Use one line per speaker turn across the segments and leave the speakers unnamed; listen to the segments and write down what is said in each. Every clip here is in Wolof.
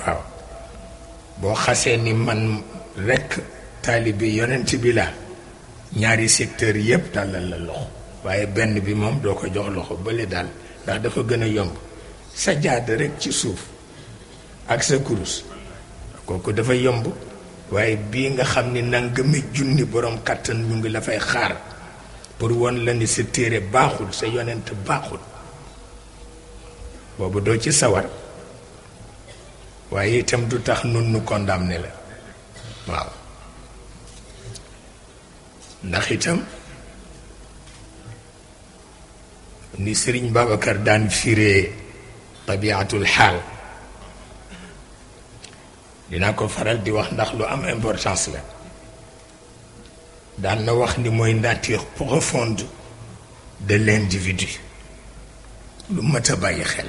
waaw boo xasee ni man rekk taalibe yonent bi la ñaari secteur yépp tàllal la loxo waaye benn bi moom doo ko jox loxo bële daal ndax dafa gën a yomb sa jaad rekk ci suuf ak sa kurus kooku dafa yomb waaye bii nga xam ni nangami junni borom kàttan ñu ngi la fay xaar pour won la ni sa téere baaxul sa yonent baaxul boobu doo ci sawar waaye itam du tax nun nu condamné la waaw ndax itam ni sëriñ babacar daan firee tabiatul xaal dinaa ko faral di wax ndax lu am importance la daan na wax ni mooy nature profonde de l'individu lu mat a bàyyi xel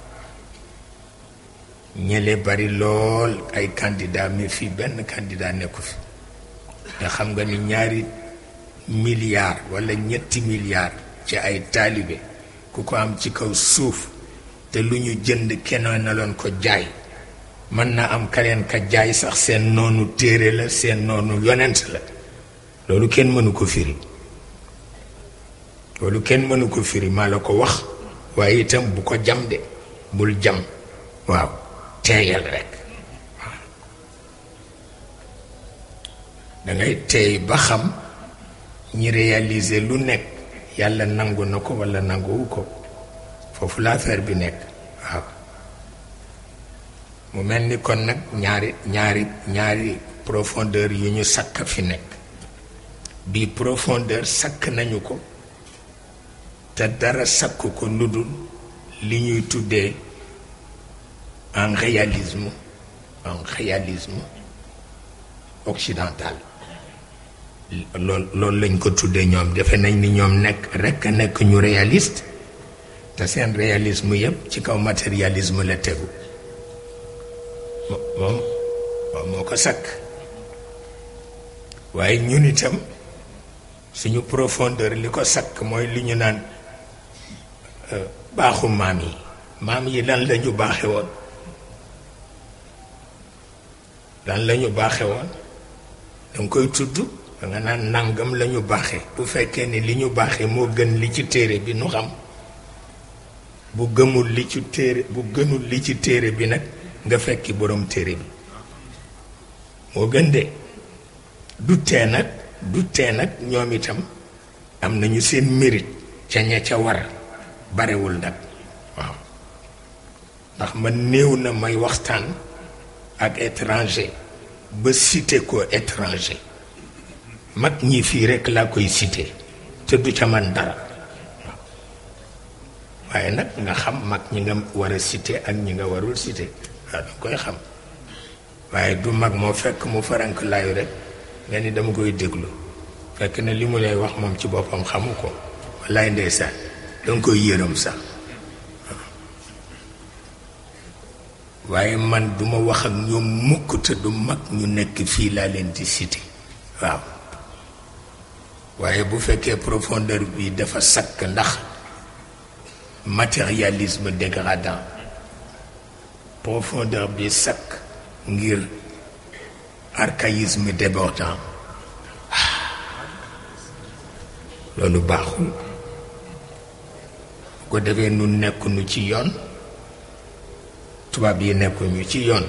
ñële bari lool ay candidat mi fii benn candidat nekku fi nga xam nga ni ñaari milliard walla ñetti milliard ci ay taalibe ku ko am ci kaw suuf te lu ñu jënd keneen na loon ko jaay mën naa am kaleen ka jaay sax seen noonu téere la seen noonu yonent la loolu kenn mënu ko firi loolu kenn mënu ko firi maa la ko wax waaye itam bu ko jam de bul jam waaw teeyal rek dangay teey ba xam ñi réaliser lu nekk yàlla nangu na ko walla nanguwu ko foofu la affaire bi nekk waaw mu mel ni kon nag ñaari ñaari ñaari profondeur yu ñu sakk fi nekk bii profondeur sakk nañu ko te dara sakk ko lu dul li ñuy tuddee un réalisme, un réalisme occidental. loolu lañ ko tuddee ñoom defe nañ ni ñoom nekk rek ñu réaliste réalisme yëpp ci kaw matérialisme la tegu moom moo ko sakk waaye ñun profondeur li ko sakk li ñu euh, maam yi lan lañu baaxe woon danga koy tudd danga naan nangam lañu baaxe bu fekkee ni li ñu baaxe moo gën li ci téere bi nu xam bu gëmul li ci téere gënul li ci téere bi nag nga fekki boroom téere bi moo gën de du tee nag du tee nag ñoom itam am nañu seen mérite ca ña ca war barewul nag waaw ndax man néew na may waxtaan ak étranger ba cité ko étranger mag ñi fii rekk laa koy cité te du ca man dara waaye nag nga xam mag ñi nga war a ak ñi nga warul cité waaw danga koy xam waaye du mag moo fekk mu farank laayu rekk nga ni dama koy déglu fekk na li mu lay wax moom ci boppam xamu ko wallaay ndeysaan danga koy yërëm sax waaye man duma wax ak ñoom mukk te mag ñu nekk fii laa leen di siti waaw waaye bu fekkee profondeur bi dafa sakk ndax matérialisme dégradant profondeur bi sakk ngir archaïsme débordant loolu baaxul bu ko defee nu nekk nu ci yoon tubaab yi nekkuñu ci yoon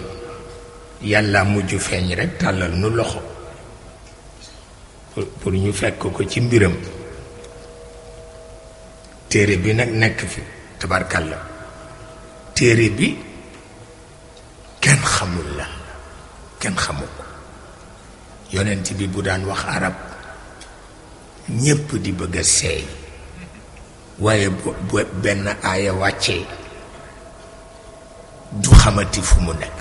yàlla mujj feeñ rekk tàllal nu loxo pour ñu fekk ko ci mbiram téere bi nag nekk fi la téere bi kenn xamul la kenn xamul ko yonent bi bu daan wax arab ñépp di bëgg a seey waaye benn aaya wàcce xamati fu mu nekk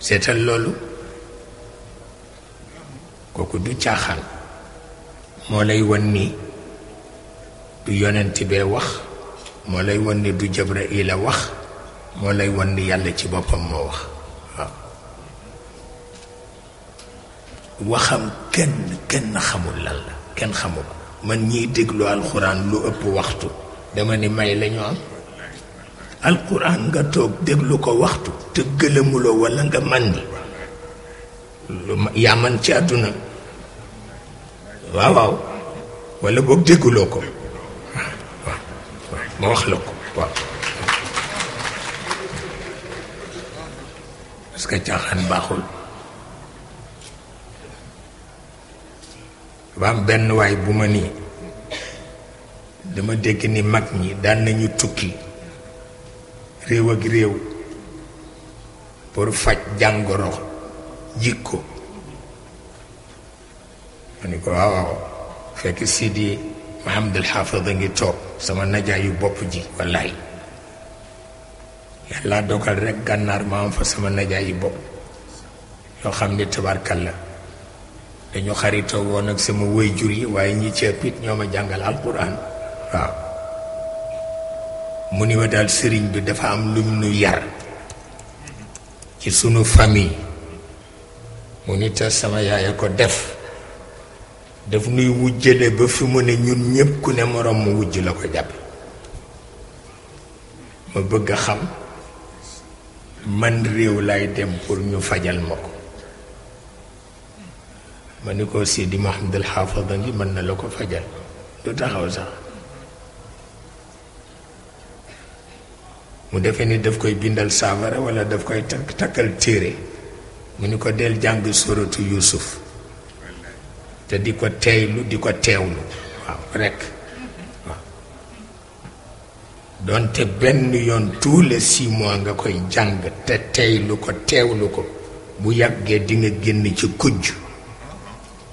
seetal loolu kooku du caaxaan moo lay wan ni du yonent bee wax moo lay wan ni du Jibril a wax moo lay wan yàlla ci boppam moo wax waaw waxam kenn kenn xamul lan la kenn xamu man ñiy déglu alxuraan lu ëpp waxtu dama ni may lañu am alquran nga toog déglu ko waxtu te gëlëmuloo walla nga màndi yaa man ci àdduna waaw waaw walla boog dégguloo ko ma wax la ko waaw parce baaxul ba benn waay bu ma nii dama dégg ni mag ñi daan nañu tukki réew ak réew pour faj jàngoro jikko ma ni ko waaw waaw fekk Sidi Mahamadul Xaafid a ngi toog sama najaayu bopp ji wallaay yàlla dogal rek gànnaar ma am fa sama najaayu bopp yoo xam ni tabarkal la dañu xaritoo woon ak sama wëy jur yi waaye ñi ci ëpp it ñoo ma jàngal alquran waaw mu ni ma daal sëriñ bi dafa am lum nu yar ci sunu famille mu ni te sama yaay a ko def def nuy wujjale ba fi mu ne ñun ñépp ku ne moroom mu wujj la ko jàpp ma bëgg a xam man réew lay dem pour ñu fajal ma ko ma ni ko Sidi Mahamadul Xaafada ngi mën na la ko fajal du taxaw sax mu defee ni daf koy bindal saafara wala daf koy takk takkal téere mu ni ko del jàng suratu yusuf te di ko teeylu di ko teewlu waaw rekk waaw doonte benn yoon tous les six nga koy jàng te teeylu ko teewlu ko bu yàggee dinga génn ci kujj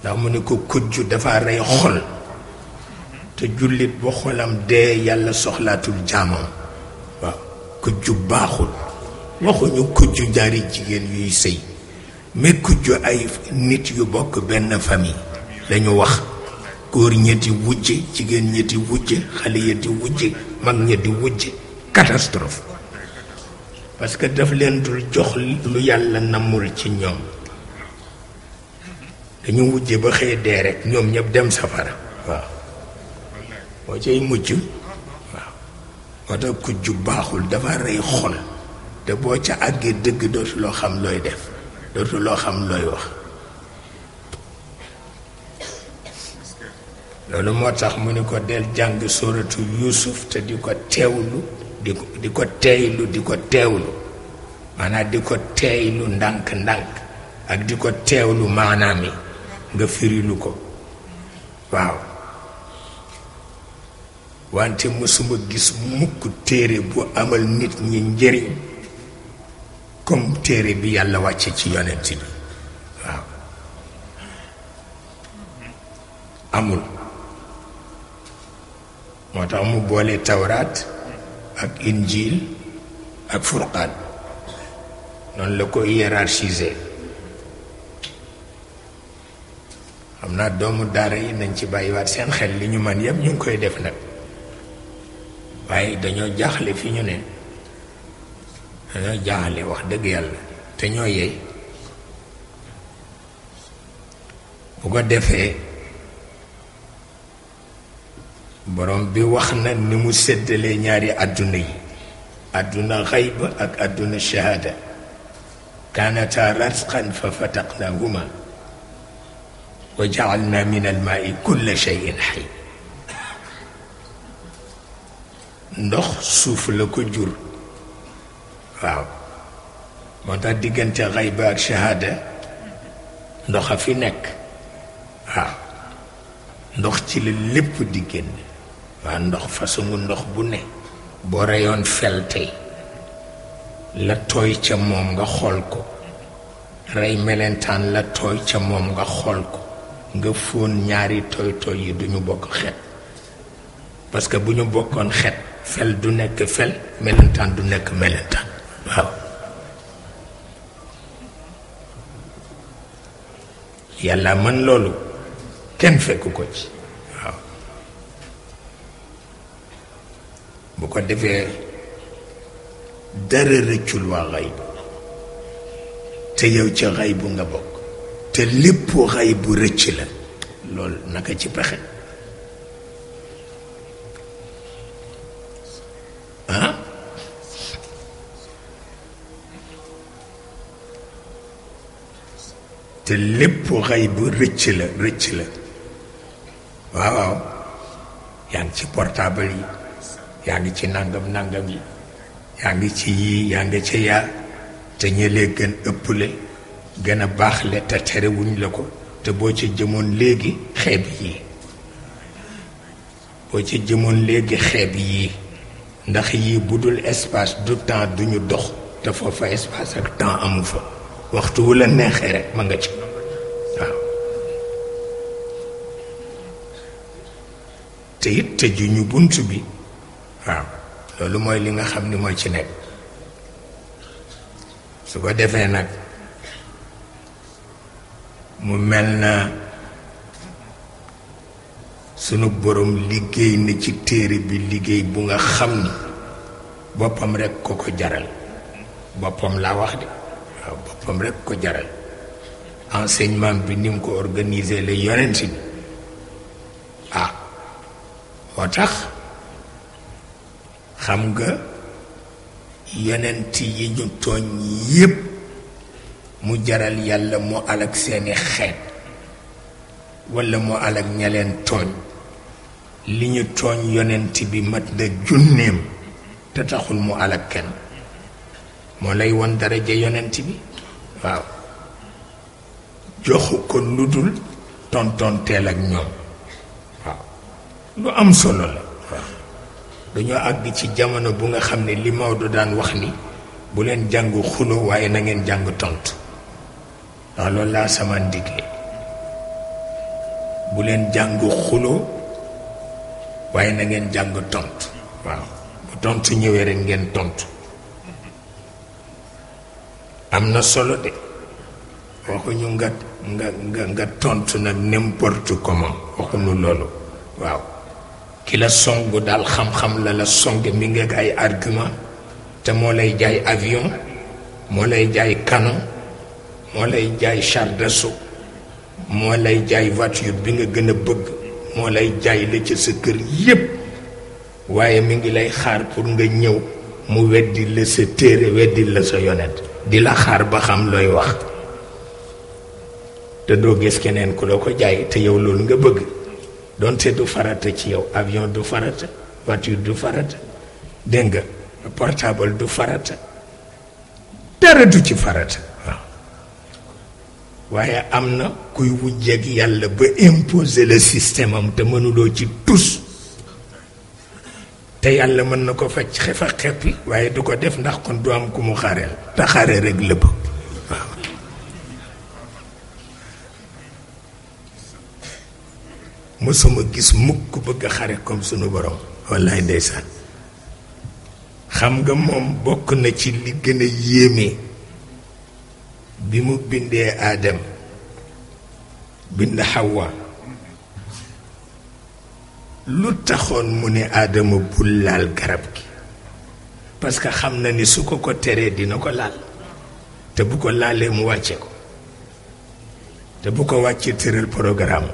ndax mu ne ko kujj dafa rey xol te jullit bu xolam dee yàlla soxlaatul jaamam kujju baaxul waxuñu kujju jaari jigéen yuy sëy mais kujju ay nit yu bokk benn famille lañu wax góor ñetti wujje jigéen ñetti wujje xale ñetti wujje mag ñetti wujje catastrophe parce que daf leen dul jox lu yàlla namul ci ñoom dañu wujj ba xëy dee rek ñoom ñëpp dem safara waaw moo cay mujj moo tax baaxul dafa rey xol te boo ca àggee dëgg dootuloo xam looy def loo xam looy wax loolu moo tax mu ni ko del jàng sóoratu yuusuf te di ko teewlu di ko di ko teeylu di teewlu maanaam di ko teeylu ndànk-ndànk ak di ko teewlu maanaam nga firilu ko waaw wante mësuma gis mukk téere bu amal nit ñi njëriñ comme téere bi yàlla wàcce ci yonent bi waaw amul moo tax mu boole tawraat ak injil ak furqaan noonu la ko hiérarchisé xam naa doomu daara yi nañ ci bàyyiwaat seen xel li ñu man yëpp ñu ngi koy def nag waaye dañoo jaaxle fi ñu ne dañoo jaaxle wax dëgg yàlla te ñoo yey bu ko defee borom bi wax na ni mu séddalee ñaari àdduna yi àdduna xayb ak àdduna shahada كانتا رزقا ففتقناهما وجعلنا من الماء كل شيء حي ndox suuf la ko jur waaw moo tax diggante xayba ak shahada ndox a fi nekk waaw ndox ci la lépp di génn waa ndox façon ndox bu ne boo reyoon fel tey la tooy ca moom nga xool ko rey melentaan la tooy ca moom nga xool ko nga fóon ñaari tooy tooy yi duñu bokk xet parce que bu ñu bokkoon xet fel du nekk fel melentaan du nekk melentaan waaw yàlla man loolu kenn fekk ko ci waaw bu ko defee dara rëccul waa xayb te yow ci xayb bu nga bokk te lépp xayb bu rëcc la loolu naka ci pexe te lépp xay bu rëcc la rëcc la waaw yaa ngi ci portaabal yi yaa ngi ci nangam nangam yi yaa ngi ci yii yaa ngi ci yaa te ñëlee gën ëpple gën a baaxle te terewuñ la ko te boo ci jëmoon léegi xeeb yii boo ci jëmoon léegi xeeb yii ndax yii bu dul espace du temps duñu dox te foofa espace ak temps amu fa waxtu wu la neexee rek ma nga ci te it tëju ñu bunt bi waaw loolu mooy li nga xam ni mooy ci nekk su ko defee nag mu mel na sunu boroom liggéey na ci téere bi liggéey bu nga xam ni boppam rekk ko ko jaral boppam laa wax de waaw boppam rekk ko jaral enseignement bi ni mu ko organiser la yonent bi moo tax xam nga yonent yi ñu tooñ yépp mu jaral yàlla mu alak seeni xeet walla mu alak ña leen tooñ li ñu tooñ yonent bi mat na junneem te taxul mu alak kenn moo lay won daraja yonent bi waaw joxu ko lu dul tontonteel ak ñoom lu am solo la dañu ag bunga ci jamono bu nga xam janggu li Maodo daan wax ni bu len jàng xunu waye na ngeen jàng tontu ndax lol la sama bu len xunu waye na ngeen tont waaw bu tont ñewé rek ngeen tont amna solo de waxuñu ngat nga nga nga tontu na n'importe comment ñu loolu waaw ki la song daal xam-xam la la song mi ngi ay argument te moo lay jaay avion moo lay jaay canon moo lay jaay char d'assaut moo lay jaay voiture bi nga gën a bëgg moo lay jaay la sa kër yépp waaye mi ngi lay xaar pour nga ñëw mu weddi la sa téere weddi la sa yonent di la xaar ba xam looy wax te doo gis keneen ku la ko jaay te yow loolu nga bëgg donte du farata ci yow avion du farata voiture du farata dégg portable du farata dara du ci farata ah. imposer le système am te mënuloo ci tous te na ko xefa xepi du ko def ndax am mu sama gis mukk bëgg a xare comme sunu borom wallaay ndeysaan xam nga moom bokk na ci li gën a yéeme bi mu bindee aadam bind xawwa lu taxoon mu ne aadama bul laal garab gi parce que xam na ni su ko ko teree dina ko laal te bu ko laalee mu wàcce ko te bu ko wàccee tëral programme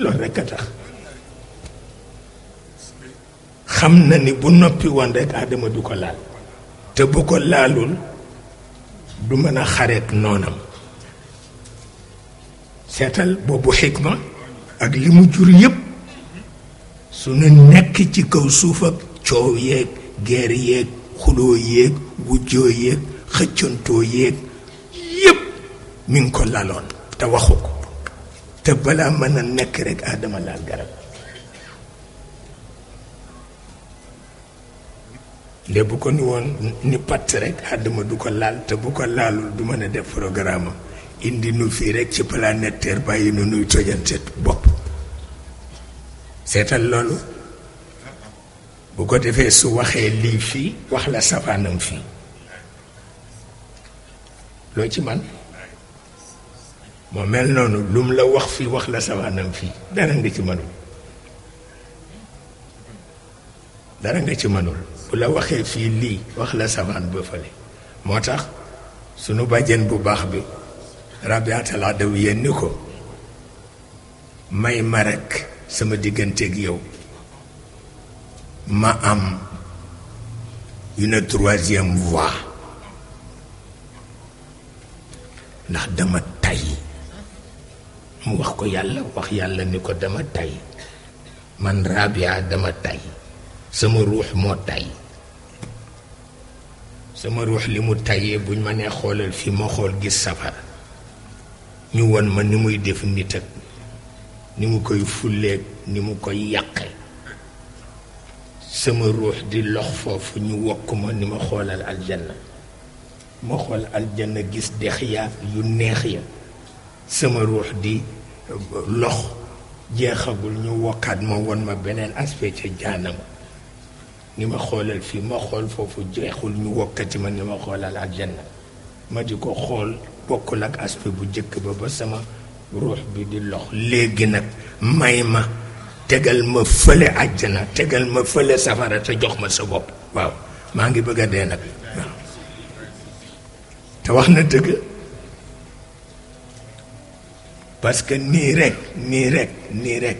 loolu rekk a tax xam na ni bu noppi woon rek Adama du ko laal te bu ko laalul du mën a xareek noonam seetal boobu xikma ak li mu jur yépp suñu nekk ci kaw suuf ak coow yeeg geer yeeg xuloo yéeg wujjoo yéeg xëccantoo yéeg yépp mi ngi ko laloon te waxu ko te balaa mën a nekk rek aadama laal garab lé bu ko ni woon ni patt rek aadama du ko laal te bu ko laalul du mën a def programme indi nu fii rek ci planète Terre bàyyi nu nuy tojante bopp seetal loolu bu ko defee su waxee lii fii wax la safaanam fii loo ci man mo mel nonu lum la wax fi wax la sawaanam fi dara nga ci manul dara nga ci manul bu la waxe fi li wax la sawaan ba fële motax sunu bajen bu bax bi rabiatalaa daw yéen ni ko may ma rekk sama ak yow ma am une troisième voie ndax dama tay mu wax ko yàlla wax yàlla ni ko dama tay man rabia dama tay sama ruux moo tay sama ruux li mu tayee buñ ma nee xoolal fi ma xool gis safara ñu won ma ni muy def nit ak ni mu koy fulleeg ni mu koy yàqe sama ruux di lox foofu ñu wokk ma ni ma xoolal aljanna ma xool aljanna gis dex ya yu neex ya sama ruux di lox jeexagul ñu wokkaat ma won ma beneen aspect ca jaanam ni ma xoolal fii ma xool foofu jeexul ñu wokkati ma ni ma xoolal aljanna ma di ko xool bokkul ak aspect bu jëkk ba ba sama ruux bi di lox léegi nag may ma tegal ma fële àjjana tegal ma fële safara te jox ma sa bopp waaw maa ngi bëgg a dee nag waaw te wax na dëgg parce que nii rek nii rek nii rek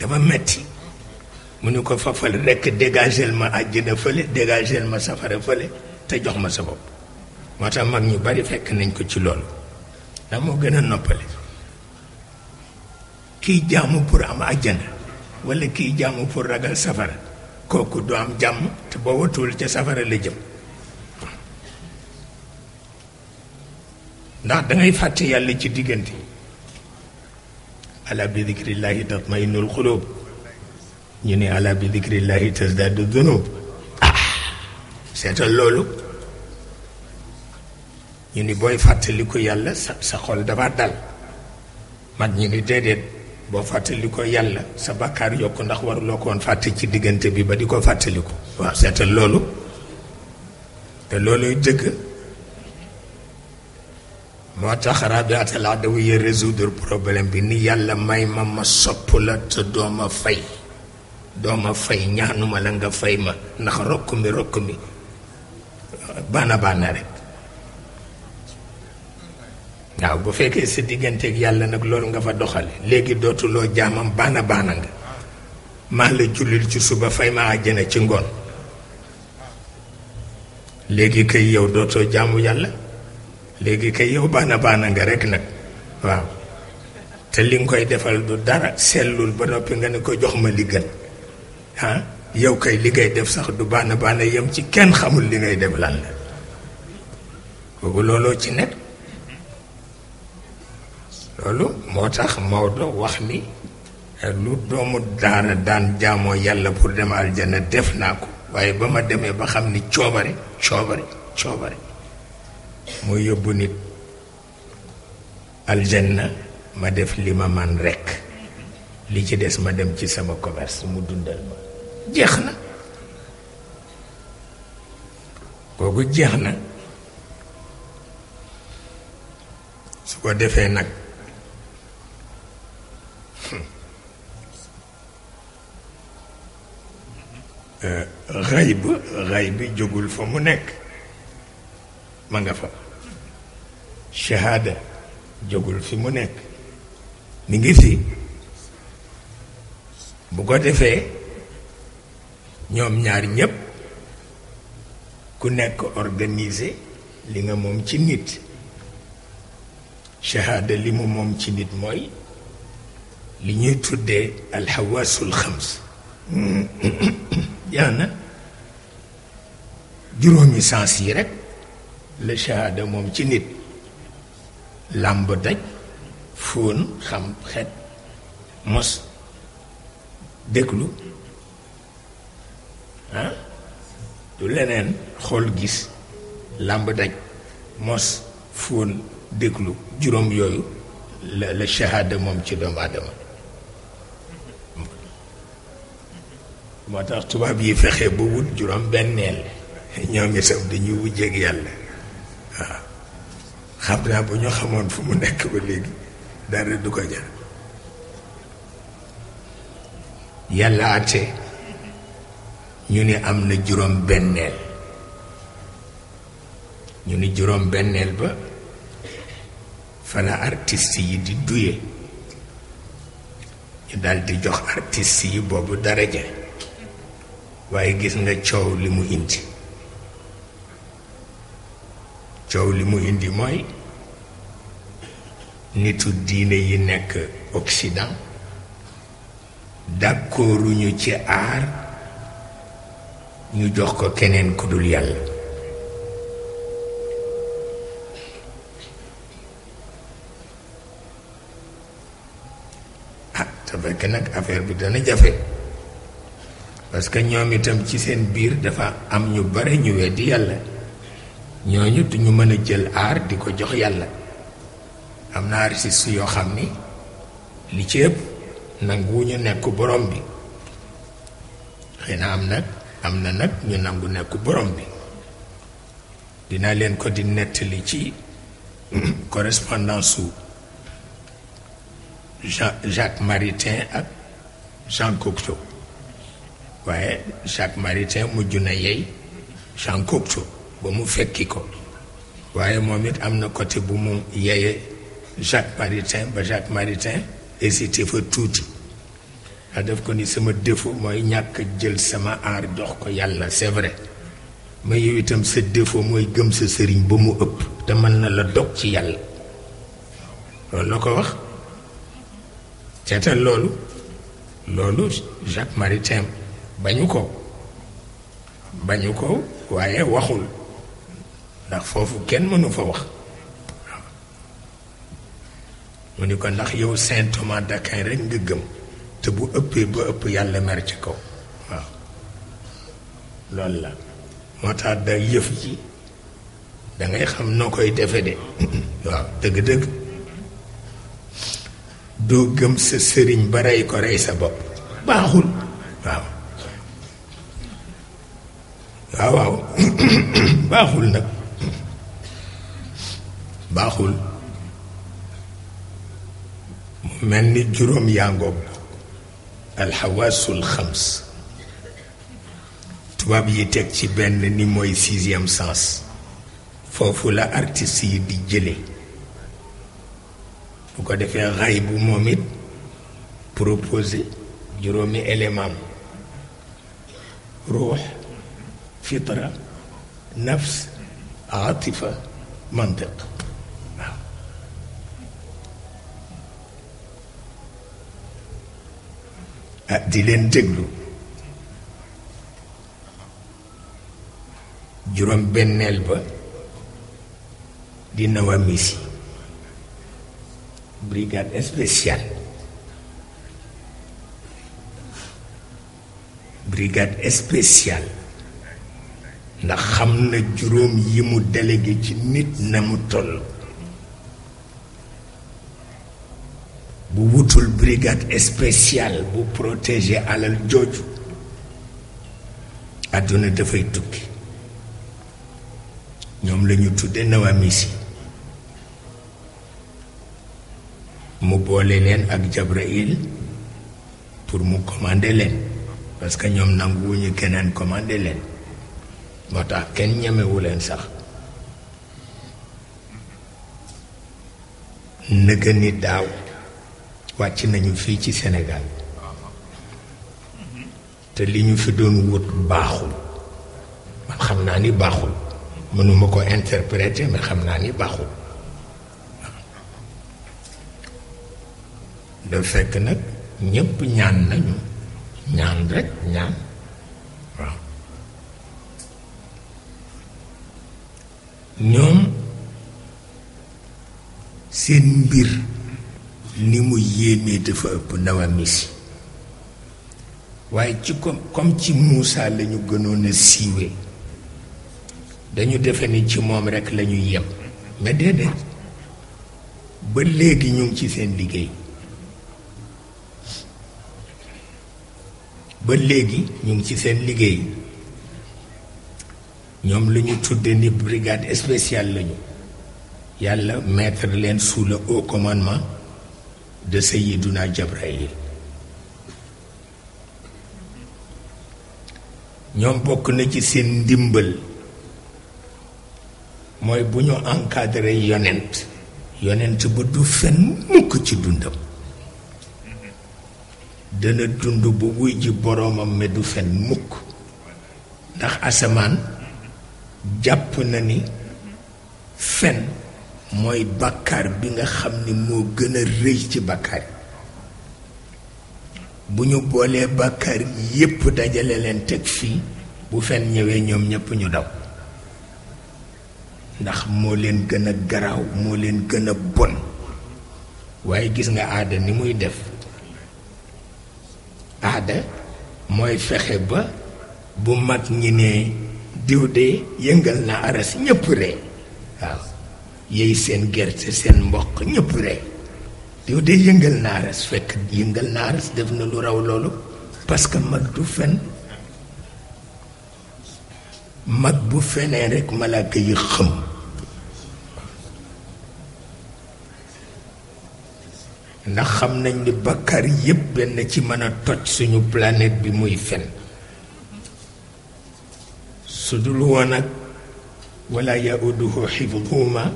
dafa metti mu ne ko fa fële rek dégagel ma àjjina fële dégagel ma safara fële te jox ma sa bopp moo tax mag ñu bari fekk nañ ko ci loolu ndax moo gën a noppale kii jaamu pour am àjjana wala kii jaamu pour ragal safara kooku du am jàmm te boo watul ca safara la jëm ndax da ngay fàtte yàlla ci diggante ala bi dikrillahi tatmainul xulub ñu ne ala bi dikrillahi tasdaadu dunub ah seetal loolu ñu ni booy fàttaliku yàlla sa sa xol dama dal mag ñu ni déedéet boo fàttalikoo yàlla sa bakkaar yokk ndax waruloo koon woon fàtte ci diggante bi ba di ko fàttaliku waaw seetal loolu te looluy dëgg moo tax rabiatal adawiya résoudre problème bi ni yàlla may ma ma sopp la te dooma fay dooma fay ñaanuma la nga fay ma ndax rokk mi rokk mi baana baana rek waaw bu fekkee sa digganteeg yàlla nag loolu nga fa doxale léegi dootuloo jaamam baana baana nga maa la jullil ci suba fay ma àjjana ci ngoon léegi kay yow dootoo jaamu yàlla léegi kay yow baana baana nga rek nag waaw te li nga koy defal du dara sellul ba noppi nga ne ko jox ma li gën ah yow kay li ngay def sax du baana baana yem ci kenn xamul li ngay def lan la looloo ci nekk loolu moo tax Maodo wax ni lu doomu daara daan jaamoo yàlla pour dem aljana def naa ko waaye ba ma demee ba xam ni coobare coobare coobare mu yóbbu nit aljanna ma def li ma man rekk li ci des ma dem ci sama commerce mu dundal ma jeex na kooku jeex na su ko defee nag xay bu xay bi jógul fa mu nekk ma nga fa shahaada jógul fi mu nekk mi ngi fi bu ko defee ñoom ñaar ñépp ku nekk organiser li nga moom ci nit shahaada li mu moom ci nit mooy li ñuy tuddee alxawaasul xams hmm. na juróomi sens yi rekk la shahaada moom ci nit làmb daj fóon xam xet mos déglu ah leneen xool gis làmb daj mos fóon déglu juróom yooyu la la shahaada moom ci doomu aadama moo tax tubaab yi fexe ba wut juróom benneel ñoom itam dañuy wujjeeg yàlla waaw bu ñu xamoon fu mu nekk ba léegi dara du ko jar yàlla àtte ñu ni am na juróom benneel ñu ni juróom benneel ba fala artiste yi di duye ñu daldi jox artiste yi boobu daraja waaye gis nga coow li mu indi coow li mu indi mooy nitu diine yi nekk Occident d'accorduñu ci aar ñu jox ko keneen ku dul yàlla ah te fekk nag affaire bi dana jafe parce que ñoom itam ci seen biir dafa am ñu bare ñu weddi yàlla ñooñu duñu mën a jël aar di ko jox yàlla am na artiste yoo xam ni li ci ëpp nangu ñu nekk borom bi xëy na am nag am na nag ñu nangu nekk borom bi dinaa leen ko di nettali ci correspondance su Jean Jacques Maritain ak Jean Cocteau waaye Jacques Maritain mujj na yey Jean Cocteau ba mu fekki ko waaye moom it am na côté bu mu yeye Jacques Maritain ba Jacques Maritain hésité fa tuuti ndax daf ko ni sama défaut mooy ñàkk jël sama aar jox ko yàlla c'est vrai mais yow itam sa défaut mooy gëm sa sëriñ ba mu ëpp te mën na la dog ci yàlla loolu la ko wax seetal loolu loolu Jacques Maritain bañu ko bañu ko waaye waxul ndax foofu kenn mënu fa wax mu ni ko ndax yow Saint Thomas d'Aquin rek nga gëm te bu ëppee ba ëpp yàlla mer ci kaw waaw loolu la moo tax da yëf ji dangay xam noo koy defe de waaw dëgg-dëgg doo gëm sa sëriñ ba rey ko rey sa bopp baaxul waaw waaw waaw baaxul nag baxul melni mel ni juróom yaa ngoog alxawaasul xams tubaab yi teg ci benn ni mooy sixième sens foofu la artiste yi di jële bu ko defee xay bu moom it proposé juróomi élément ruux fitra nafs atifa mantiq Ah, di leen déglu juróom benneel ba di Nawamisi brigade spéciale brigade spéciale ndax xam na juróom yi mu délégué ci nit na mu toll amatul brigade spéciale bu protéger alal jooju àdduna dafay tukki ñoom lañu ñu tudde mu boole leen ak Jabrail pour mu commander leen parce que ñoom nanguwuñu keneen commander leen moo tax kenn ñemewu leen sax nëgëni daaw wàcc nañu fii ci Sénégal te li ñu fi doon wut baaxul man xam naa ni baaxul mënuma ko interpréter mais xam naa ni baaxul da fekk nag ñépp ñaan nañu ñaan rekk ñaan waaw ñoom seen mbir ni mu yéemee dafa ëpp Nawamis waaye ci comme ci Muusa lañu ñu gënoon a siiwee dañu defe ni ci moom rekk la ñuy yem mais déedéet ba léegi ñu ngi ci seen liggéey ba léegi ñu ngi ci seen liggéey ñoom lu ñu tudde ni brigade spéciale lañu yàlla mettre leen suula le haut de Seyyiduna Jabraïl ñoom bokk na ci seen ndimbal mooy bu ñu encadré yonent yonent ba du fen mukk ci dundam dana dund bu wuy ji boroomam du fen mukk ndax asamaan jàpp na ni fen mooy bàkkaar bi nga xam ni moo gën a rëy ci bàkkaar yi bu ñu boolee bàkkaar yépp dajale leen teg fii bu fen ñëwee ñoom ñépp ñu daw ndax moo leen gën a garaaw moo leen gën a bon waaye gis nga aada ni muy def aada mooy fexe ba bu mag ñi ne diw de yëngal na aras ñépp ree waaw yéy seen gerte seen mboq ñëpp rey yow de yëngal naaras fekk yëngal naaras def na lu raw loolu parce que mag du fen mag bu fenee rekk malaaka yi xëm ndax xam nañ ni bakkar yépp benn ci mën a toj suñu planète bi muy fen su dul woon ak wala yauduhu xifduhuma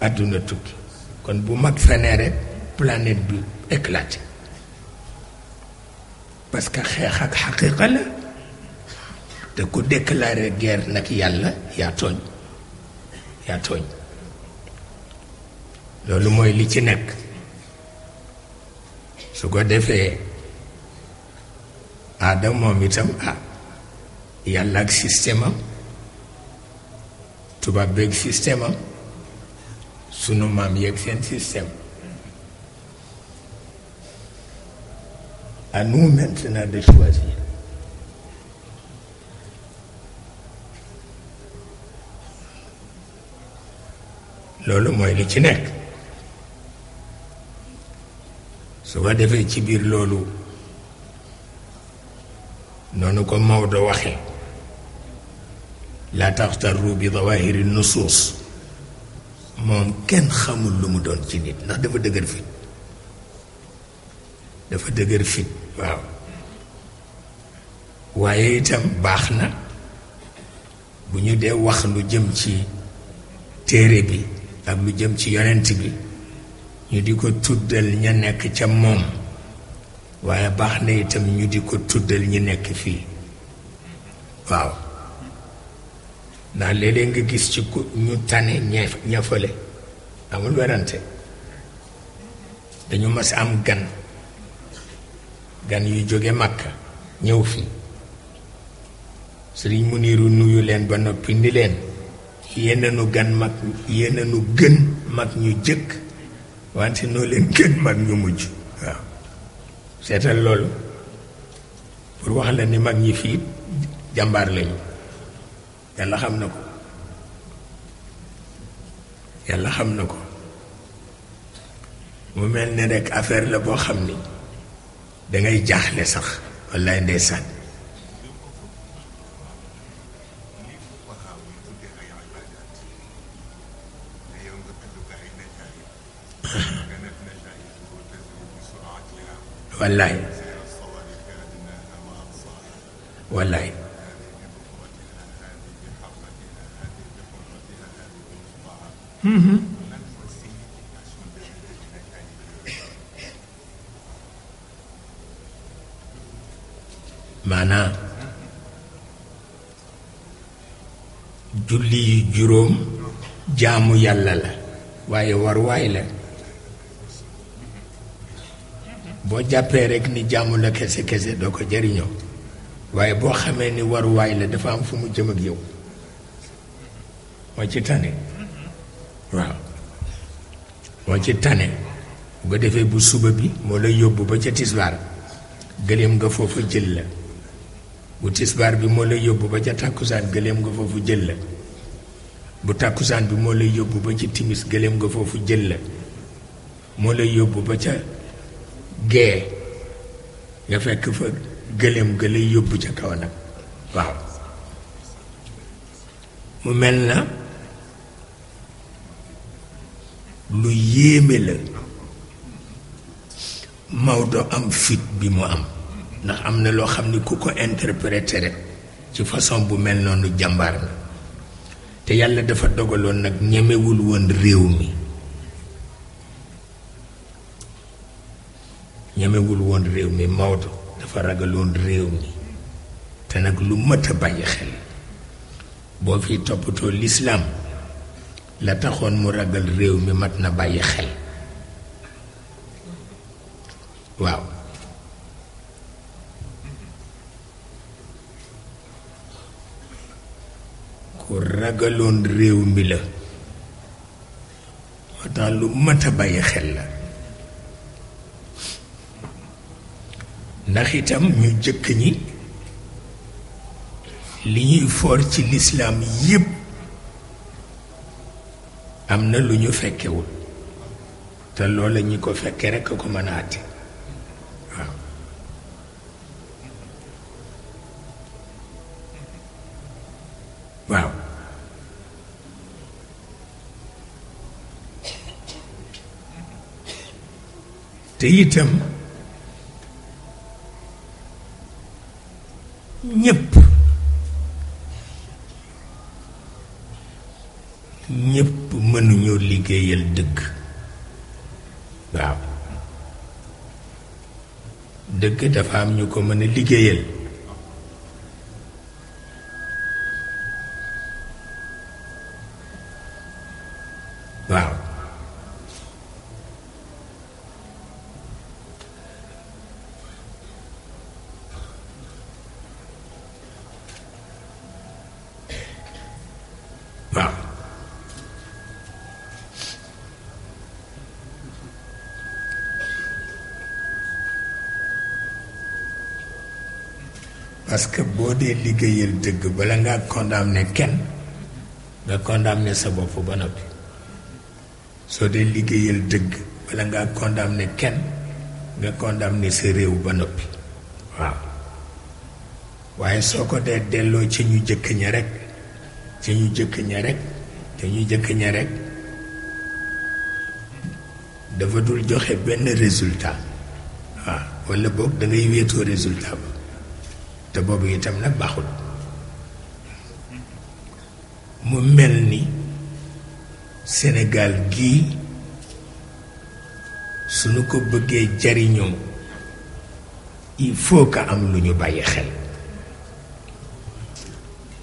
àdduna tukki kon bu mag fenee planet bi éclaté parce que xeex ak xaqiqa la te ku déclarer guerre nag yàlla yaa tooñ yaa tooñ loolu mooy li ci nekk su ko defee aada moom itam ah yàlla ak système am tubaab beeg système am sunu maam yeeg seen système à nous maintenant de choisir loolu mooy li ci nekk su ko defee ci biir loolu noonu ko Maodo waxee laa taxtarru bi nu suus moom kenn xamul lu mu doon ci nit ndax dafa dëgër fit dafa dëgër fit waaw waaye itam baax na bu ñu dee wax lu jëm ci téere bi ak lu jëm ci yonent bi ñu di ko tuddal ña nekk ca moom waaye baax na itam ñu di ko tuddal ñi nekk fii waaw ndax léeg nga gis ci ku ñu tane ñeef ñafale amul werante dañu mas am gan gan yu jóge Makka ñëw fi sëriñ Muniru nuyu leen ba noppi ni leen yéen nu gan mag yéen nu gën mag ñu jëkk wante noo leen gën mag ñu mujj waaw seetal loolu pour wax la ni mag ñi fii jàmbaar lañu yàlla xam na ko yàlla xam na ko mu mel ne rek affaire la boo xam ni da ngay jaaxle sax wallaay ndeysaan wallaay wallaay Mmh. maanaam julli yu juróom jaamu yàlla la waaye war waay la boo jàppee rekk ni jaamu la kese kese doo ko jariñoo waaye boo xamee ni war waay la dafa am fu mu jëm ak yow moo ci tane waaw moo ci tane bu ko defee bu suba bi moo lay yóbbu ba ca tisbaar gëléem nga foofu jël la bu tisbaar bi moo lay yóbbu ba ca tàkkusaan gëléem nga foofu jël la bu tàkkusaan bi moo lay yóbbu ba ci timis gëléem nga foofu jël la moo lay yóbbu ba ca gee nga fekk fa gëléem ga lay yóbbu ca kaw nag waaw mu mel na lu yéeme la Maodo am fit bi mu am ndax am na loo xam ni ku ko interprété rek ci façon bu mel noonu jàmbar la te yàlla dafa dogaloon nag ñemewul woon réew mi ñemewul dafa ragaloon réew mi te nag lu mët a bàyyi xel boo fi toppatoo lislaam la taxoon mu ragal réew mi mat na bàyyi xel waaw ku ragaloon réew mi la moo lu mat a bàyyi xel la ndax itam ñu jëkk ñi li ñuy for ci lislaam yépp am na lu ñu fekkewul te loola ñi ko fekke rekk a ko mën a àtte waaw waaw te itam ديال الدق نعم دق دفع منكم من اللي جايل parce que boo dee liggéeyal dëgg bala ngaa ne kenn nga condamné sa bopp ba noppi soo dee liggéeyal dëgg bala ngaa kondam ne kenn nga condamné sa réew ba noppi waaw waaye soo ko dee delloo ci ñu jëkk ña rek ci ñu jëkk ña rek te ñu jëkk ña rek dafa dul joxe benn résultat waaw walla boog da ngay wéetoo résultat ba te boobu itam nag baaxul mu mel ni gi su nu ko bëggee jariñoo il faut que am lu ñu bàyyi xel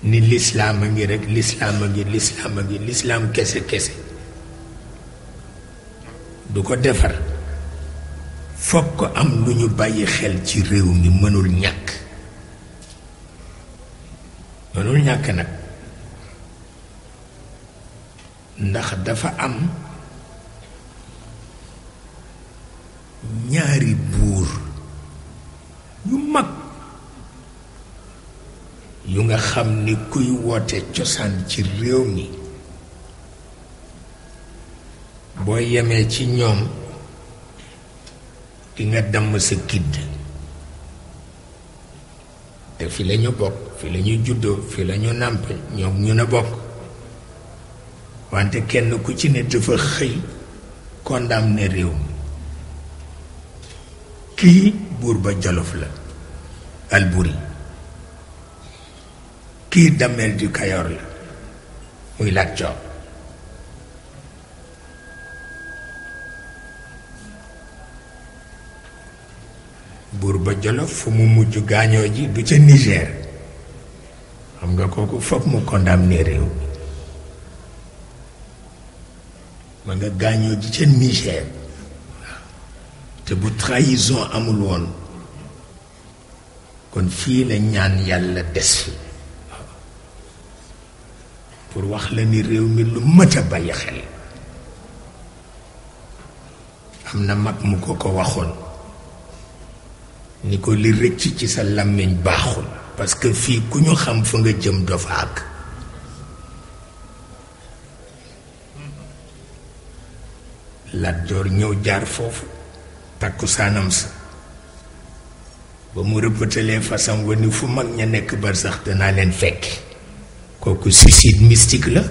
ni lislaam a ngi rek lislaam a ngi lislaam a ngi lislaam kese kese du ko defar fokk am lu ñu bàyyi xel ci réew mi mënul ñàkk mënul ñàkk nag ndax dafa am ñaari buur yu mag yu nga xam ni kuy wote cosaan ci réew mi boo yemee ci ñoom di nga damm sa kidd te fi lañu bokk fi la juddoo fi lañu ñu nàmp ñoom ñu ne bokk wante kenn ku ci ne dafa xëy condamné réew mi kii buur ba jolof la Alburi kii dameel du Kayoor la muy Lat Joor buur ba jolof fu mu mujj gaañoo ji du ca Niger xam nga kooku foog mu condamné réew ma nga gaañoo ji ca Niger te bu trahison amul woon kon fii la ñaan yàlla des fi pour wax la ni réew mi lu mët a bàyyi xel am na mag mu ko ko waxoon ni ko li rëcc ci sa làmmiñ baaxul parce que fii ku ñu xam fa nga jëm dafa àgg Lat Joor ñëw jaar foofu takku saanam sa ba mu rëppatalee façon wa fu mag ña nekk ba sax danaa leen fekk kooku suicide mystique la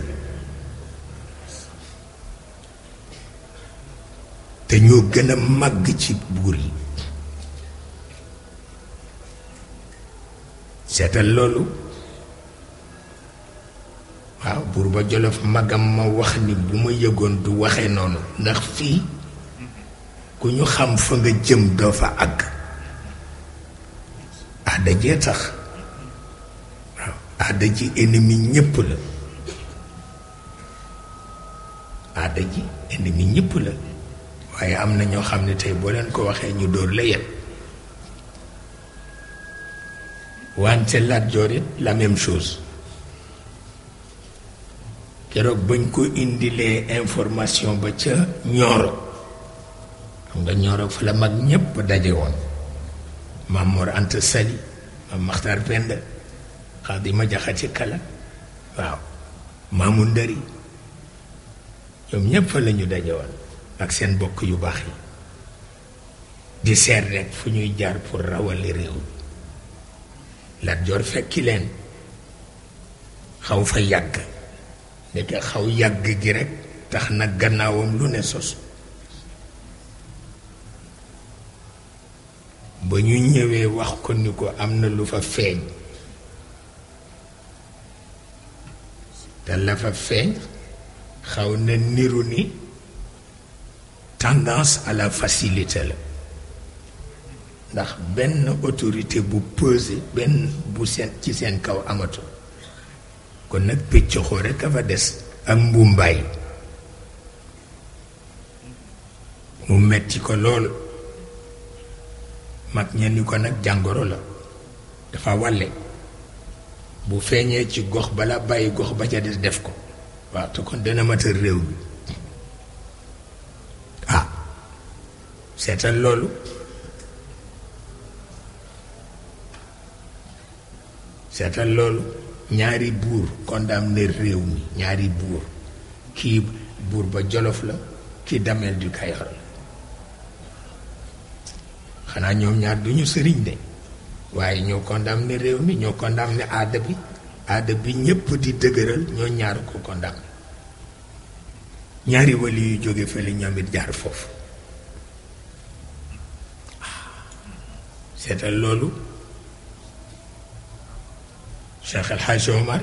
te ñoo gën a màgg ci buur yi seetal loolu waaw buur ba jolof magam ma wax ni bu ma yëgoon du waxee noonu ndax fii ku ñu xam fa nga jëm doo fa àgg aada tax waaw aada ji ennemi ñépp la aada ji ñépp la waaye am na ñoo xam ne tey boo leen ko waxee ñu dóor la yépp wante Lat Joor it la même chose keroog bañ ko indilee information ba ca Ñooro xam nga Ñooro fa la mag ñépp daje woon Maam Mor Anta Sali Maam Maxtaar Penda Xaadima Jaxate Kala waaw Maamu Ndari ñoom ñépp fa lañu daje woon ak seen bokk yu baax yi di seet rekk fu ñuy jaar pour rawale réew mi la Joor fekki len xaw fa yàgg nek xaw yàgg gi rek tax na gannaawam lu ne sos ba ñu ñëwé wax ko ni ko amna lu fa feñ dal la fa feñ xaw na niru ni tendance à la facilité la ndax benn autorité bu pesé benn bu seen ci seen kaw amatul kon nag pëccoxoo rek a fa des ak mbumbaay mu metti ko lool mag ñenn ni ko nag jàngoro la dafa wàlle bu feeñee ci gox bala bàyyi gox ba ca des def ko waaw te kon dana matal réew bi ah seetal loolu seetal loolu ñaari buur condamné réew mi ñaari buur kii buur ba jolof la kii dameel du Kayoor xanaa ñoom ñaar duñu sëriñ de waaye ñoo condamné réew mi ñoo condamné aada bi aada bi ñépp di dëgëral ñoo ñaar ko condamné ñaari wali yu jóge fële ñoom jaar foofu seetal loolu Cheikh El Hadj Omar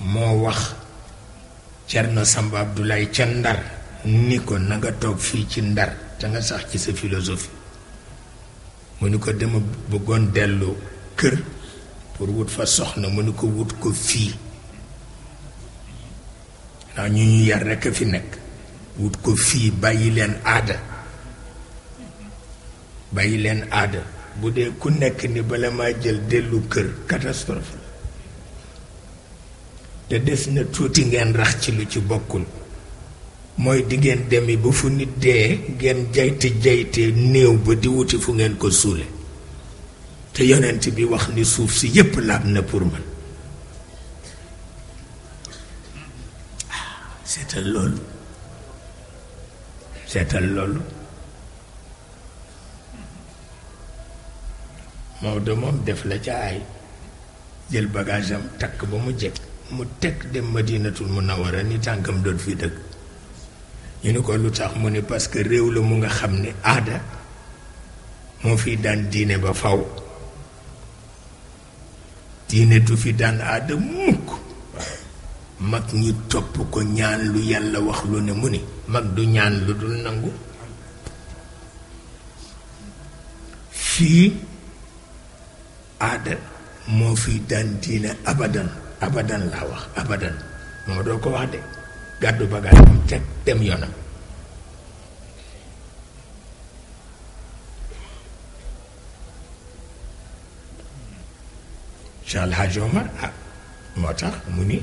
moo wax na Samba Abdoulaye ca Ndar ni ko nanga toog fii ci Ndar ca nga sax ci sa philosophie mu ni ko dama bëggoon delloo kër pour wut fa soxna mu ni ko wut ko fii ndax ñu ñu yar rekk a fi nekk wut ko fii bàyyi leen aada bàyyi leen aada bu dee ku nekk ni bala maa jël dellu kër catastrophe la te des na tuuti ngeen rax ci lu ci bokkul mooy di demi ba fu nit dee ngeen jayte jayte néew ba di wuti fu ngeen ko suule te yonent bi wax ni suuf si yépp laab na pour man ah, seetal loolu seetal loolu Maodo moom def la ca ay jël bagage am takk ba mu jekk mu teg dem Madinatul Munawwara ni tànkam doot fi dëkk ñu ni ko lu tax mu ni parce que réew la mu nga xam ni aada moo fi daan diine ba faw diinetu fi daan aada mukk mag ñi topp ko ñaan lu yàlla wax lu ne mu ni mag du ñaan lu dul nangu fii aada moo fi daan diine abadan abadan laa wax abadan moo doo ko wax de gàddu bagaasam teg dem yoonam Cheikh El Hadj ah, moo tax mu ni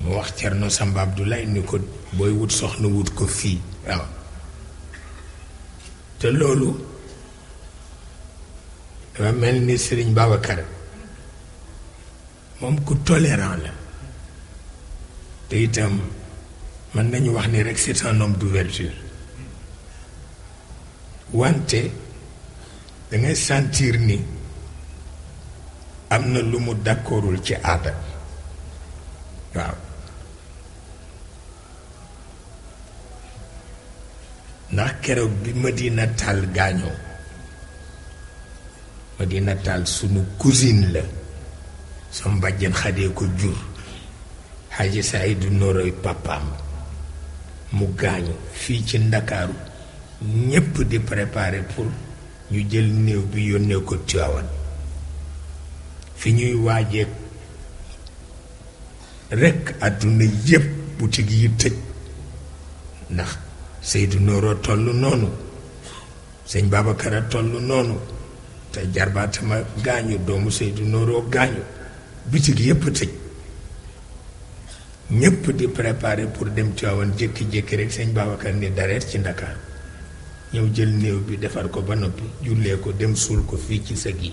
mu wax Cerno Samba Abdoulaye ni ko booy wut soxna wut ko fii waaw te loolu dafa mel ni Sëriñ Babacar moom ku tolérant la te itam mën nañu wax ni rekk c'est un homme wante dangay sentir ni am na lu mu d'accordul ci aada waaw ndax keroog bi Madina Tall gaañoo ma dina taal sunu cousine la sama mbàjjen xadee ko jur xaaji Saydu Nóoroy papaam mu gaañu fii ci ndakaaru ñépp di préparer pour ñu jël néew bi yónnee ko Tiwaawan fi ñuy waajee rekk àdduna yépp butig yi tëj ndax Saydu Nóoro toll noonu sëñ Babacar a toll noonu te jarbaatama gaañu doomu du Nooroo gaañu bitig yépp tëj ñépp di préparer pour dem Tiwaawan jékki-jékki rek sëñ Babacar ni dareet ci Ndakaar ñëw jël néew bi defar ko ba noppi jullee ko dem suul ko fii ci sëg yi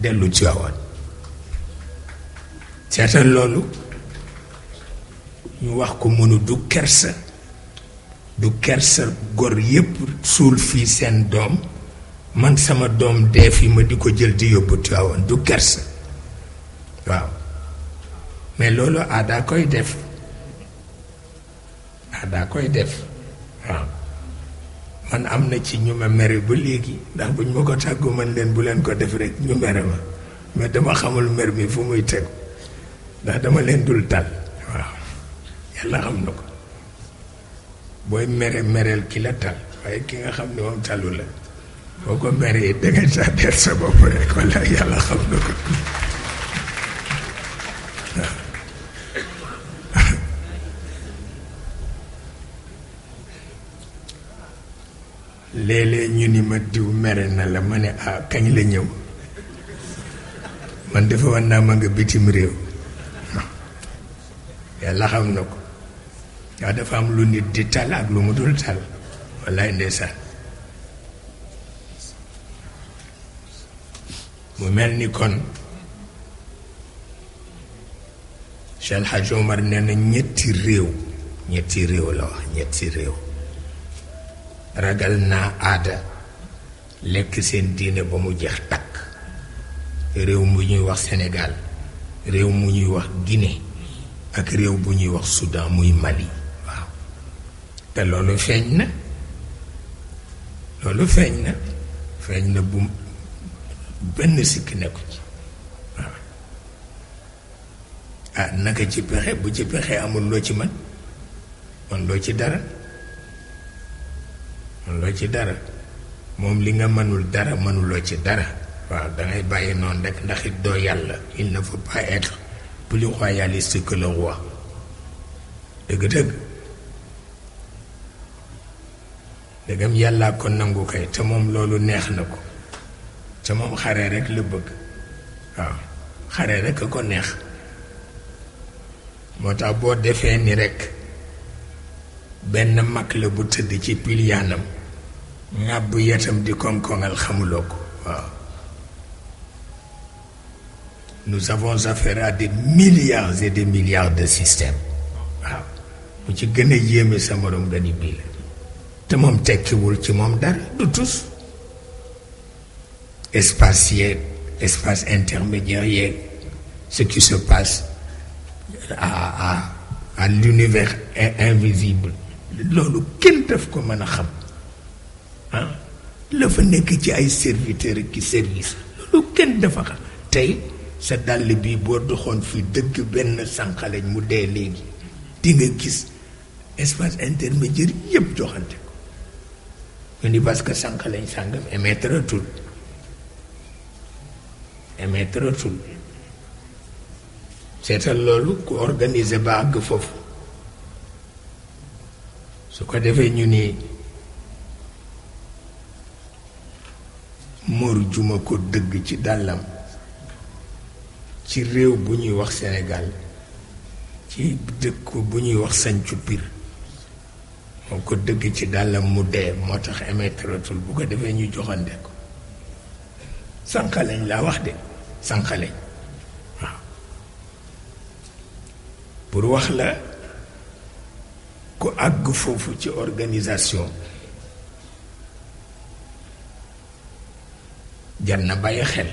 dellu Tiwaawan seetal loolu ñu wax ko mënu du kersa du kersa gor yépp suul fii seen doom man sama doom dee fi ma di ko jël di yóbbu Tiwaawan du kersa waaw mais loolu aadaa koy def aadaa koy def waaw man am na ci ñu ma mere ba léegi ndax buñ ma ko tàggu man leen bu leen ko def rek ñu mere ma mais dama xamul mer mi fu muy tegu ndax dama leen dul tal waaw yàlla xam na ko booy mere mereel ki la tal waaye ki nga xam ne moom talu la boo ko meree dangay sàddeel sa bopp rek walla yàlla xam na ko léeg-léeg ñu ni ma diw mere na la ma ne ah kañ la ñëw man dafa war naa ma nga bitim réew yàlla xam na ko waaw dafa am lu nit di tal ak lu mu dul tal wallaay ndeysaan mu mel ni kon Cheikh El Hadj Omar nee na ñetti réew ñetti réew la wax ñetti réew ragal naa aada lekk seen diine ba mu jeex takk réew mu ñuy wax Sénégal réew mu ñuy wax Guinée ak réew bu ñuy wax Soudan muy Mali waaw te loolu feeñ na loolu feeñ na feeñ na bu benn sikk nekku ci waaw ah naka ci pexe bu ci pexe amul loo ci man man loo ci dara man ci dara moom li nga mënul dara mënuloo ci dara waaw dangay bàyyi noonu rek ndax it doo yàlla il na faut pas être plus royaliste que le roi dëgg-dëgg dëggam yàllaa ko nangu kay te moom loolu neex na ko te moom xare rek la bëgg waaw xare rek ko neex moo tax boo defee ni rek benn mag la bu tëdd ci pilyaanam ŋàbb yetam di konkongal xamuloo ko waaw nous avons affaire à des milliards et des milliards de systèmes waaw bu ci gën a yéeme sa morom nga ni bii te moom tekkiwul ci moom dara du tous spatiel, espace intermédiaire, ce qui se passe à, à, à l'univers invisible Lolo kenn daf ko mën a xam Le hein? la fa nekk ci ay serviteur qui service loolu kenn dafa c'est dans le dàll bii boo doxoon fi dëgg benn sànqaleñ mu dee léegi di nga gis espace intermédiaire yëpp joxante ko ñu ni parce que sànqaleñ sàngam émettre tout émettratul seetal loolu ku organiser ba àgg foofu su ko defee ñu nii mor juma ko dëgg ci dàllam ci réew bu ñuy wax Sénégal ci dëkk bu ñuy wax sancu pir moo ko dëgg ci dàllam mu dee moo tax émettratul bu ko defee ñu joxande ko sànq lañ laa wax de sànqale pour wax la ku àgg foofu ci organisation jar na bàyyi xel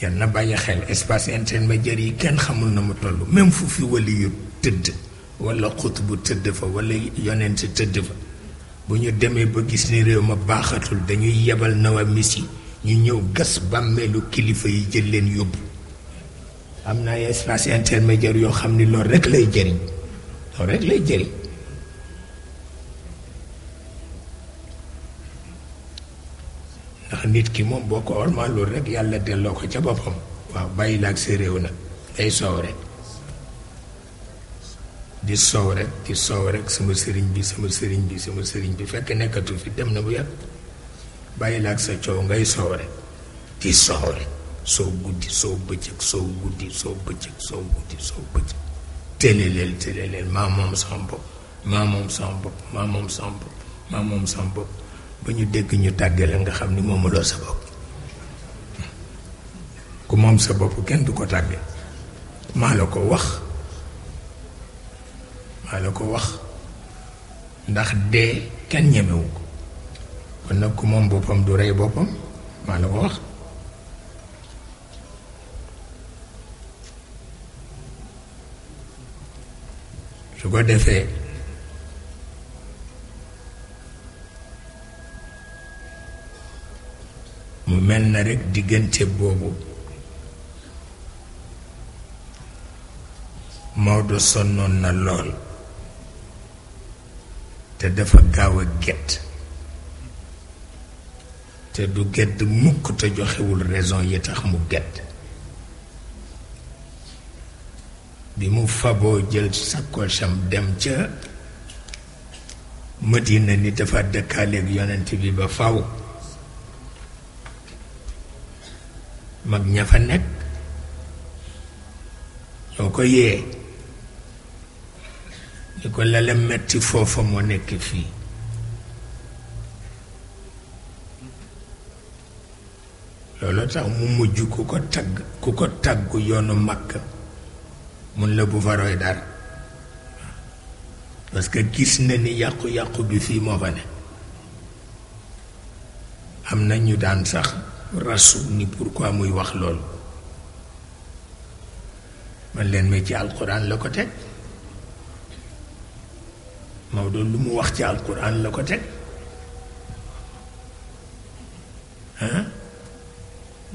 jar na bàyyi xel espace intermédiaire yi kenn xamul na mu toll même fu fi wali yu tëdd wala xut bu tëdd fa wala yonent tëdd fa bu ñu demee ba gis ni réew ma baaxatul dañuy yebal nawamis yi ñu ñëw gas bàmmeelu kilifa yi jël leen yóbbu am na ay espace intermédiaire yoo xam ni lool rekk lay jëriñ loolu rek lay jëriñ ndax nit ki moom boo ko ormaalul rek yàlla delloo ko ca boppam waaw bàyyi la ak sa réew nag day soow rek di soow rek di soow rek sama sëriñ bi sama sëriñ bi sama sëriñ bi fekk nekkatu fi dem na bu yàgg bàyyi ak sa coow ngay soow rek di soow rek soo guddi soo bëccëg soo guddi soo bëccëg soo guddi soo bëccëg téléleel téléleel maa moom sama bopp maa moom sama bopp maa moom sama bopp maa moom sama bopp ba ñu dégg ñu tàggale nga xam ni moomuloo sa bopp ku moom sa bopp kenn du ko tàgge maa la ko wax maa la ko wax ndax dee kenn ñemewu ko kon nak ku mom bopam du ray bopam ma la ko wax su ko defee mu mel na rekk diggante boobu Maodo sonnoon na lool te dafa gaaw a gedd te du gedd mukk te joxewul raison yi tax mu gedd bi mu faboo jël sakkoosam dem ca Madina ni dafa dëkkaaleeg yonent bi ba faw mag ña fa nekk ñoo ko yee li ko lale metti foofa moo nekk fii loolu tax mu mujj ku ko tagg ku ko tagg yoonu màkk mun la bu fa roy dara parce que gis na ni yàqu-yàqu bi fii moo fa ne am na ñu daan sax rasu ni pourquoi muy wax loolu man leen ma ci alxuraan la ko teg Maodo lu mu wax ci alquran la ko teg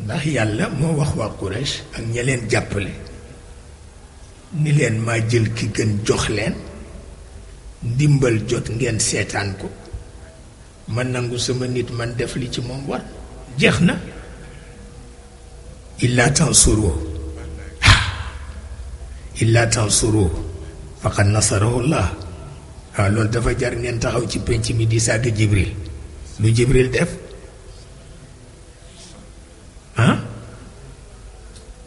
ndax yàlla moo wax waa Quraysh ak ña leen jàppale ni leen maa jël ki gën jox leen ndimbal jot ngeen seetaan ko ma nangu sama nit man def li ci moom war jeex na illa tansuru illa tansuru faqad nasarahu llah waaw loolu dafa jar ngeen taxaw ci pénc mi di sàgg jibril lu jibril def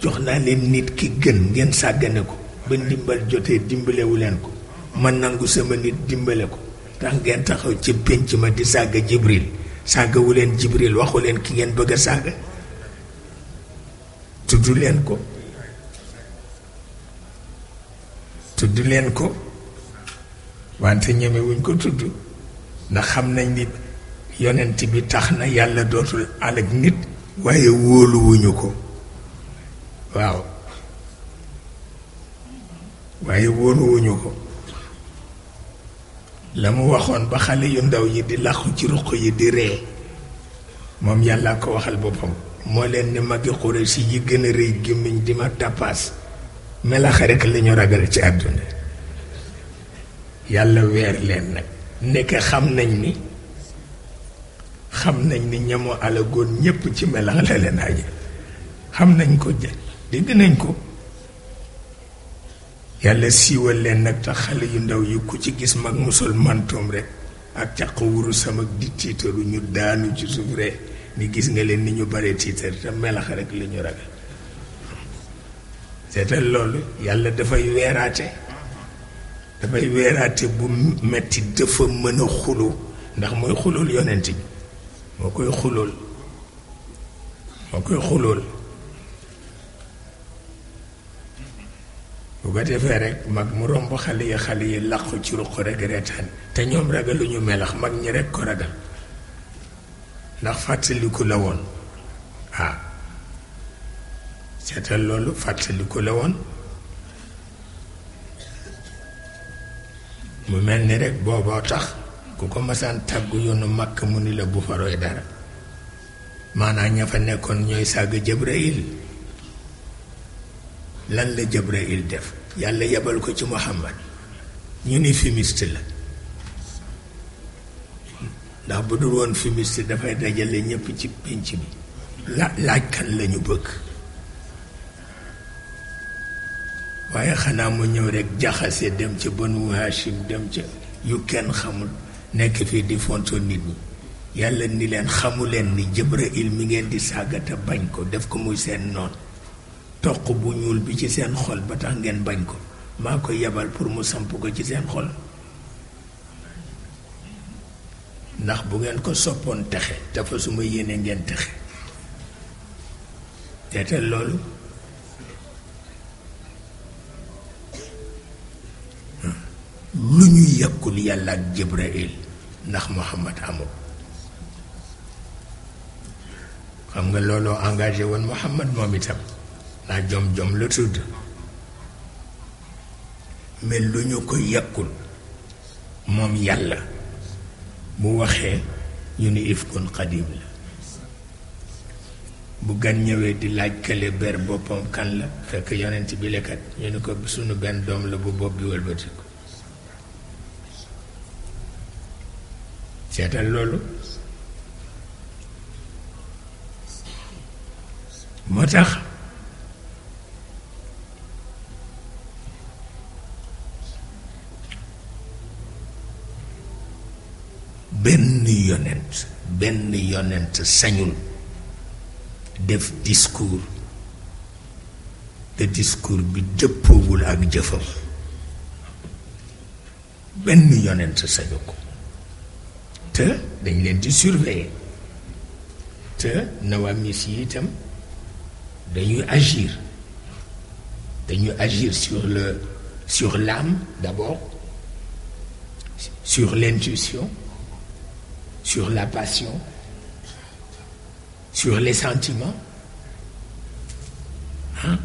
jox naa leen nit ki gën ngeen sàggane ko ba ndimbal jotee dimbalewu leen ko man nangu sama nit dimbale ko tax ngeen taxaw ci pénc ma di sàgg jibril sàggawu leen jibril waxu leen ki ngeen bëgg a sàgg tudd leen ko tudd leen ko wante ñemewuñ ko tudd ndax xam nañ ni yonent bi tax na yàlla dootul alak nit waaye wóoluwuñu ko waaw waaye wóoluwuñu ko la mu waxoon ba xale yu ndaw yi di làqu ci ruq yi di ree moom yàlla ko waxal boppam moo leen ni magi Quraysh yi gën a rëy gémmiñ di ma tappaas melax rekk la ñu ragal ci àdduna yàlla weer leen nag nekk xam nañ ni xam nañ ni ñamu alagoon ñépp ci melax la leen aje xam nañ ko dégg nañ ko yàlla siiwal leen nag te xale yu ndaw yi ku ci gis mag musul mantoom rek ak caq wuru sama di tiitaru ñu daanu ci suuf rek ni gis nga leen ni ñu bare tiitar te melax rek li ñu ragal seetal loolu yàlla dafay weeraate dafay weeraate bu metti dafa mën a ndax mooy xulul yonent bi moo koy xulul moo koy xulool bu ko defee rek mag mu romb xale yi xale yi làqu ci ruq rek reetaan te ñoom ragaluñu melax mag ñi rek ko ragal ndax fàttaliku la woon ah seetal loolu fàttaliku la woon mu mel ni rek booboo tax ku ko masaan tàggu yoonu màkk mu ni la bu faroy dara maanaam ña fa nekkoon ñooy sàgg Jibril lan la Jibril def yàlla yebal ko ci Muhammad ñu ni fumiste la ndax bu dul woon fumiste dafay dajale ñépp ci pénc bi laaj kan lañu bëgg waaye xanaa mu ñëw rekk jaxase dem ca banu Hachim dem ca yu kenn xamul nekk fii di fonto nit ñi yàlla ni leen xamuleen ni Jibril mi ngeen di saaga te bañ ko def ko muy seen noon toq bu ñuul bi ci seen xol ba tax ngeen bañ ko maa ko yebal pour mu samp ko ci seen xol ndax bu ngeen ko soppoon texe dafa suma yéenee ngeen texe teetal loolu yàkkul yàlla ak jibrail ndax muhammad amul xam nga looloo engagé woon muhammad moom itam ndax jom jom la tudd mais lu ñu ko yàkkul moom yàlla bu waxee ñu ni ifkun xadim la bu gan ñëwee di laaj kële ber boppam kan la fekk yonent bi lekkat ñu ni ko sunu benn doom la bu bopp bi wëlbatiku seetal loolu moo tax benn yonent benn yonent sañul def discours te discours bi dëppoowul ak jëfam benn yonent sañu ko te dañ leen di surveiller te nawaamis yi itam dañuy agir dañuy agir sur le sur l'âme d'abord sur l'intuition sur la passion sur les sentiments hein